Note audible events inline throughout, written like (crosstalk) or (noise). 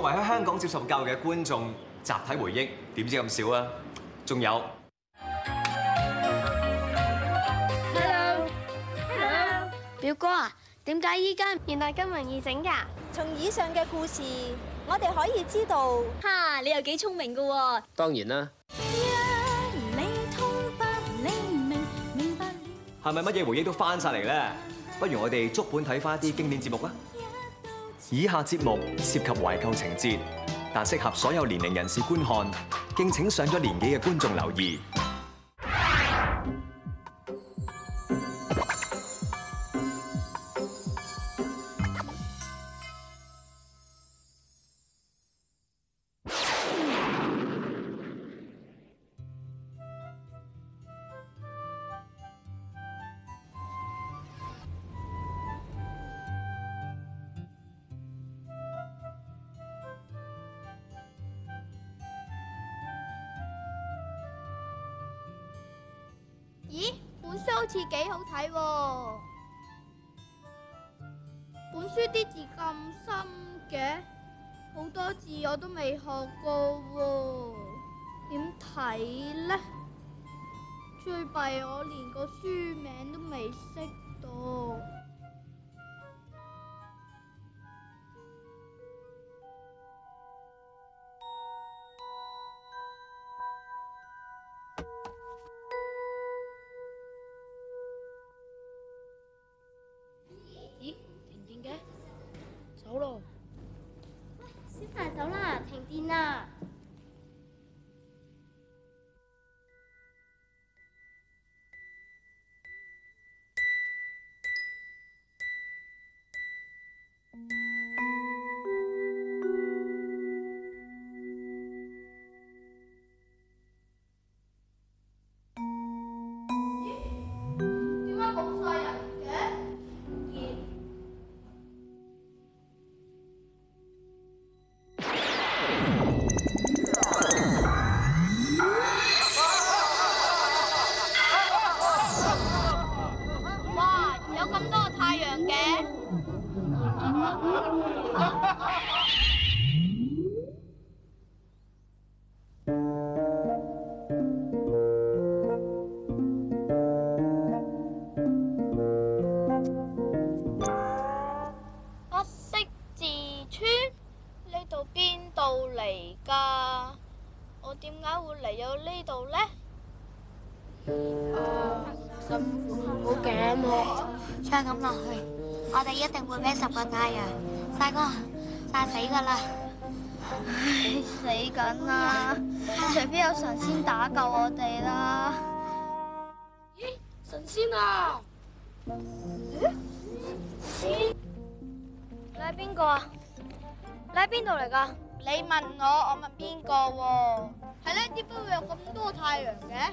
作為喺香港接受教育嘅觀眾，集體回憶點知咁少啊？仲有，Hello，你好，表哥啊，點解依家原來咁容易整㗎？從以上嘅故事，我哋可以知道，哈、啊，你又幾聰明嘅喎、啊？當然啦。係咪乜嘢回憶都翻晒嚟咧？不如我哋足本睇翻啲經典節目啦。以下節目涉及懷舊情節，但適合所有年齡人士觀看，敬請上咗年紀嘅觀眾留意。咦，本書好似幾好睇喎！本書啲字咁深嘅，好多字我都未學過喎！點睇呢？最弊我連個書名都未識到。咁多個太陽嘅？不識字村，呢度邊度嚟㗎？我點解會嚟到呢度呢？好嘅，啊。再咁落去，我哋一定會俾十個太陽。晒哥，晒死噶啦！死緊啦！除非有神仙打救我哋啦！咦，神仙啊？神仙？你係邊個啊？你喺邊度嚟噶？你問我，我問邊個喎？係咧，點解會有咁多太陽嘅？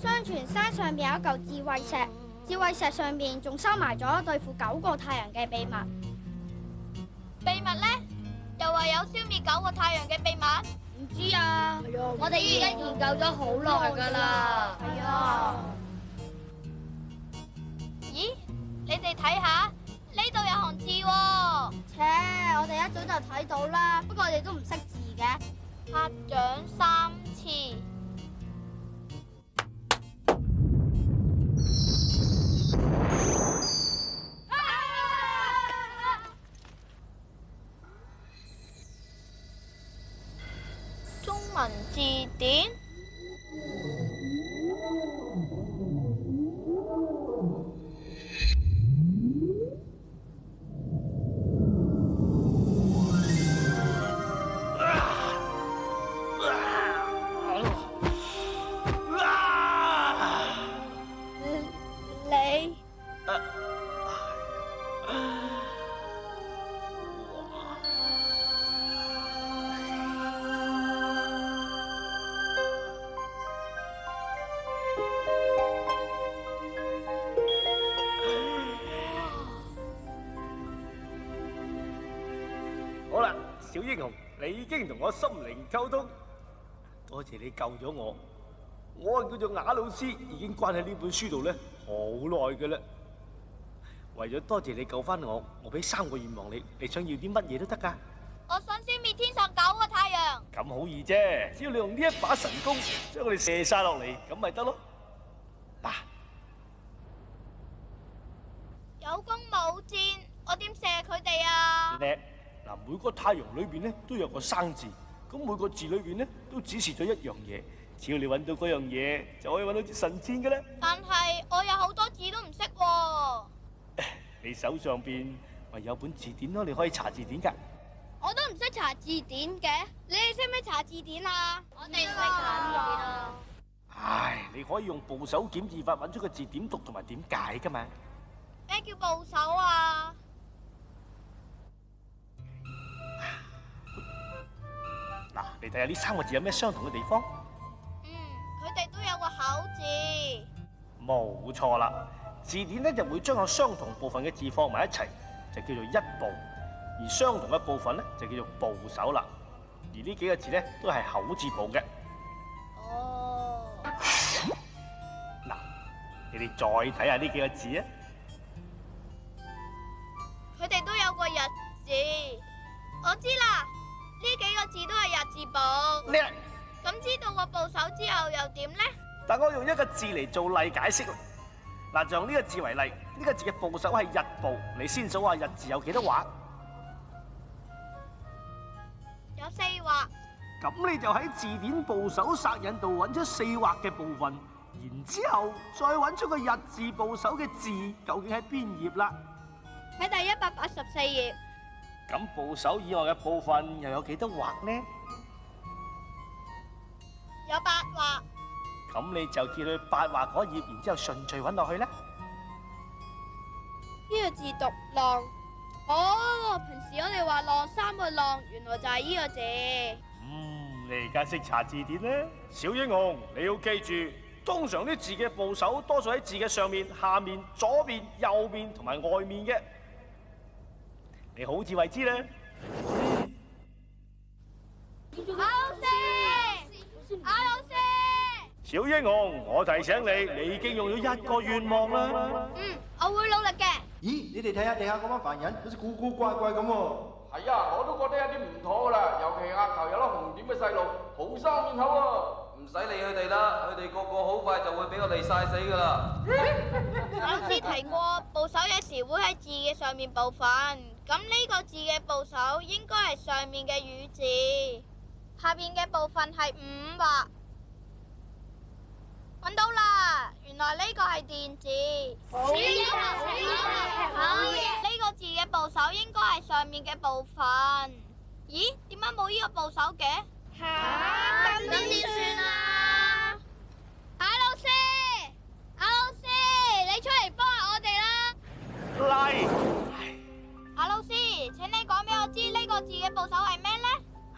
相傳山上邊有一嚿智慧石，智慧石上邊仲收埋咗對付九個太陽嘅秘密。秘密呢？又話有消滅九個太陽嘅秘密。唔知啊，我哋已經研究咗好耐噶啦。係啊。咦？你哋睇下呢度有行字喎。切，我哋一早就睇到啦，不過我哋都唔識字嘅。拍掌三次。字典。小英雄，你已經同我心靈溝通，多謝你救咗我。我叫做雅老師，已經關喺呢本書度咧好耐噶啦。為咗多謝你救翻我，我俾三個願望你，你想要啲乜嘢都得噶。我想消滅天上九個太陽。咁好易啫，只要你用呢一把神弓將佢哋射晒落嚟，咁咪得咯。嗱，有弓冇箭，我點射佢哋啊？嗱，每個太陽裏邊咧都有個生字，咁每個字裏邊咧都指示咗一樣嘢，只要你揾到嗰樣嘢，就可以揾到啲神仙嘅咧。但係我有好多字都唔識喎。你手上邊咪有本字典咯？你可以查字典噶。我都唔識查字典嘅，你哋識唔識查字典啊？我哋識查字典啊。唉，你可以用部首檢字法揾出個字點讀同埋點解噶嘛？咩叫部首啊？嗱，你睇下呢三個字有咩相同嘅地方？嗯，佢哋都有個口字。冇錯啦，字典咧就會將有相同部分嘅字放埋一齊，就叫做一部，而相同嘅部分咧就叫做部首啦。而呢幾個字咧都係口字部嘅。哦。嗱，你哋再睇下呢幾個字啊。叻，咁、啊、知道個部首之後又點咧？但我用一個字嚟做例解釋，嗱，就用呢個字為例，呢、這個字嘅部首係日部，你先數下日字有幾多畫？有四畫。咁你就喺字典部首索引度揾出四畫嘅部分，然之後再揾出個日字部首嘅字究竟喺邊頁啦？喺第一百八十四頁。咁部首以外嘅部分又有幾多畫呢？有八劃，咁你就見佢八劃嗰頁，然之後順序揾落去咧。呢個字讀浪，哦，平時我哋話浪三個浪，原來就係呢個字。嗯，你而家識查字典呢？小英雄，你要記住，通常啲字嘅部首多數喺字嘅上面、下面、左邊、右邊同埋外面嘅。你好自為之啦。啊小英雄，我提醒你，你已經用咗一個願望啦。嗯，我會努力嘅。咦，你哋睇下地下嗰班凡人，好似古古怪怪咁喎。係啊，我都覺得有啲唔妥啦。尤其額頭有粒紅點嘅細路，好生面口啊。唔使理佢哋啦，佢哋個個好快就會俾我嚟晒死噶啦。老師提過，部首有時會喺字嘅上面部分，咁呢個字嘅部首應該係上面嘅雨字，下邊嘅部分係五畫。揾到啦！原來呢個係電字。好嘢，好嘢！呢個字嘅部首應該係上面嘅部分。咦？點解冇呢個部首嘅？吓！咁點算啊？阿、啊、老師，阿、啊、老師，你出嚟幫下我哋啦！阿來、哎、老師，請你講俾我知呢個字嘅部首係咩？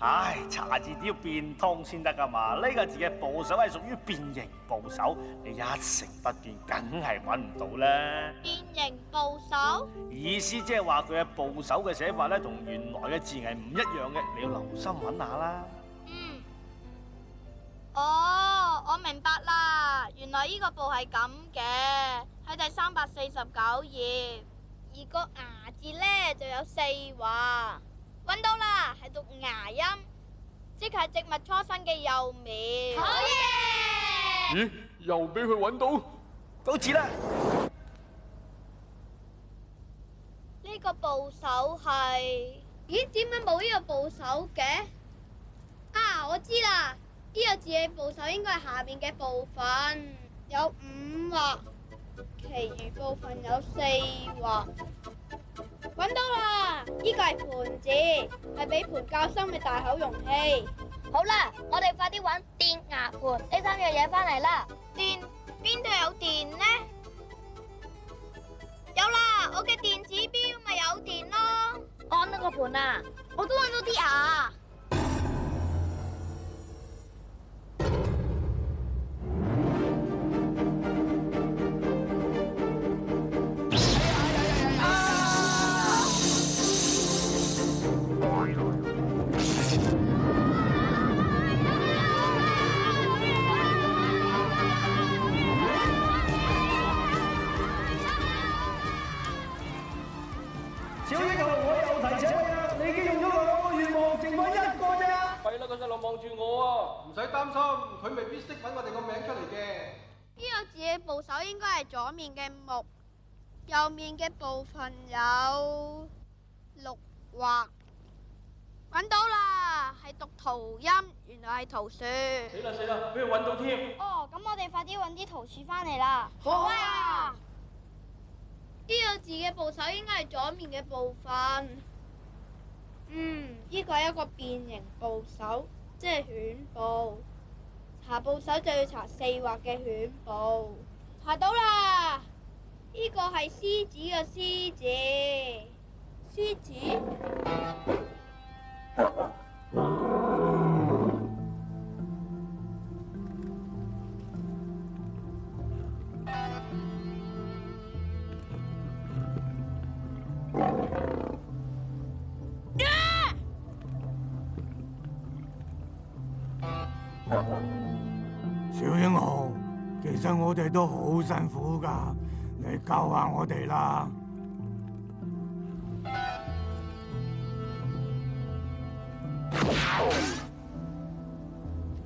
唉，查、哎、字只要變通先得噶嘛。呢個字嘅部首係屬於變形部首，你一成不變，梗係揾唔到啦。變形部首意思即係話佢嘅部首嘅寫法呢，同原來嘅字係唔一樣嘅，你要留心揾下啦。嗯。哦，我明白啦，原來呢個部係咁嘅，喺第三百四十九頁，而個牙字呢，就有四畫。揾到啦，係讀牙音，即係植物初生嘅幼苗。好耶！咦，又俾佢揾到，都知啦。呢個部首係，咦，點解冇呢個部首嘅？啊，我知啦，呢個字嘅部首應該係下面嘅部分，有五畫，其餘部分有四畫。揾到啦！呢個係盤子，係比盤較深嘅大口容器。好啦，我哋快啲揾電牙盤呢三樣嘢翻嚟啦。電邊度有電呢？有啦，我嘅電子表咪有電咯。安呢個盤啊，我都揾到啲牙。係左面嘅木，右面嘅部分有六畫，搵到啦！係讀圖音，原來係桃樹。死啦死啦，畀佢搵到添！哦，咁我哋快啲搵啲桃樹翻嚟啦！好啊！呢、啊、個字嘅部首應該係左面嘅部分。嗯，呢個係一個變形部首，即係犬部。查部首就要查四畫嘅犬部。拍到啦！呢個係獅子嘅獅子，獅子。我哋都好辛苦噶，你救下我哋啦！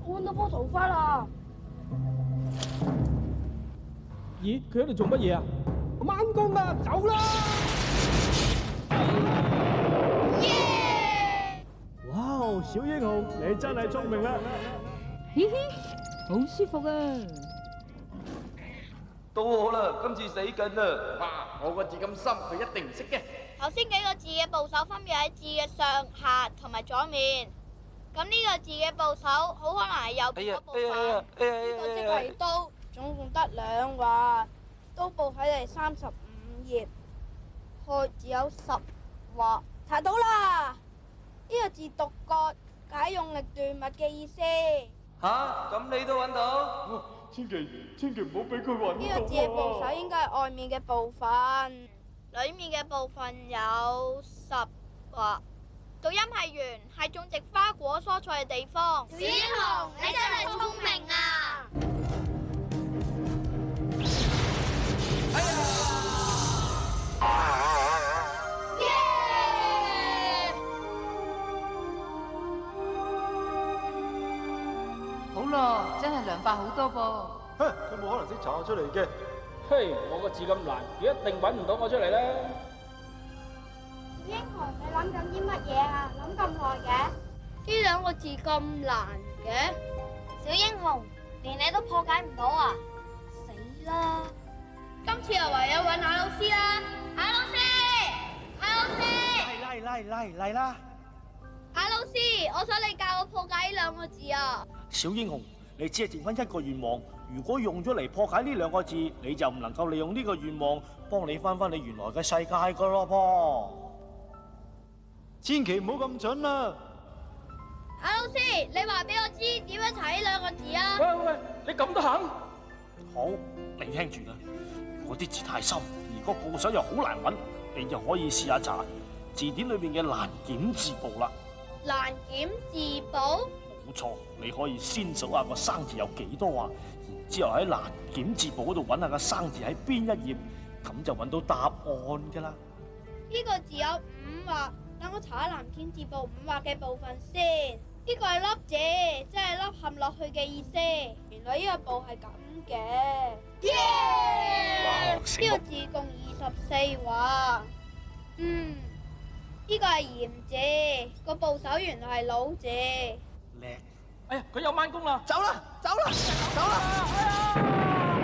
換到波頭髮啦！咦，佢喺度做乜嘢啊？晚工啦，走啦！耶！哇，小英雄，你真係聰明啦！嘻嘻， (music) 好舒服啊！到我啦，今次死緊啦！哇，我個字咁深，佢一定唔識嘅。頭先幾個字嘅部首分別喺字嘅上下同埋左面。咁呢個字嘅部首好可能係右邊部分。呢個即係刀，總共得兩畫。刀部喺第三十五頁，開字有十畫，睇到啦。呢個字讀割，解用力斷物嘅意思。吓，咁你都揾到？千祈千祈唔好俾佢搵到啊！呢個字嘅部首應該係外面嘅部分，裏面嘅部分有十畫。讀音係圓，係種植花果蔬菜嘅地方小。字咁難，佢一定揾唔到我出嚟啦！小英雄，你諗緊啲乜嘢啊？諗咁耐嘅？呢兩個字咁難嘅？小英雄，連你都破解唔到啊？死啦！今次又唯有揾夏老師啦！夏老師，夏老師，嚟嚟嚟嚟嚟啦！夏老師，我想你教我破解呢兩個字啊！小英雄，你只係剩返一個願望。如果用咗嚟破解呢兩個字，你就唔能夠利用呢個願望幫你返返你原來嘅世界噶咯噃，千祈唔好咁蠢啦，阿老，老師，你話俾我知點樣睇兩個字啊？喂喂喂，你咁都肯？好，你聽住啦，如果啲字太深，而個部首又好難揾，你就可以試下查字典裏邊嘅難檢字部啦。難檢字部？冇錯，你可以先數下個生字有幾多啊？之後喺《難檢字簿》嗰度揾下個生字喺邊一頁，咁就揾到答案㗎喇。呢個字有五畫，等我查下《難檢字簿》五畫嘅部分先。呢個係凹字，即係凹陷落去嘅意思。原來呢個部係咁嘅。Yeah! 哇！呢個字共二十四畫。嗯，呢個係嚴字，個部首原來係老字。哎呀，佢又掹工啦！走啦，走啦，走啦！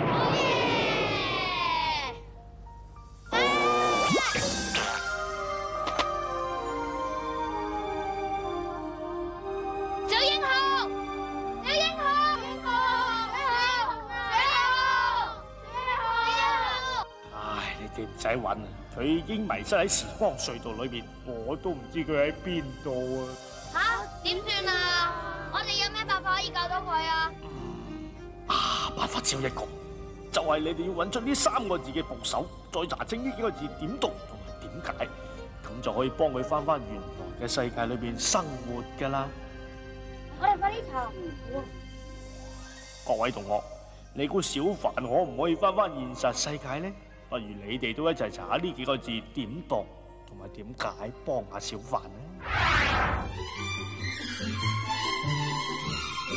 好嘢！小英雄，小英雄，小英雄，小英雄，小英雄！唉，你哋唔使揾啦，佢已經迷失喺時光隧道裏邊，我都唔知佢喺邊度啊！吓，點算啊？啊，啊、嗯！辦法只有一個，就係你哋要揾出呢三個字嘅部首，再查清呢幾個字點讀同埋點解，咁、嗯、就可以幫佢返返原來嘅世界裏邊生活噶啦。我哋快啲查。啊、各位同學，你估小凡可唔可以返返現實世界呢？不如你哋都一齊查下呢幾個字點讀同埋點解，幫下小凡咧。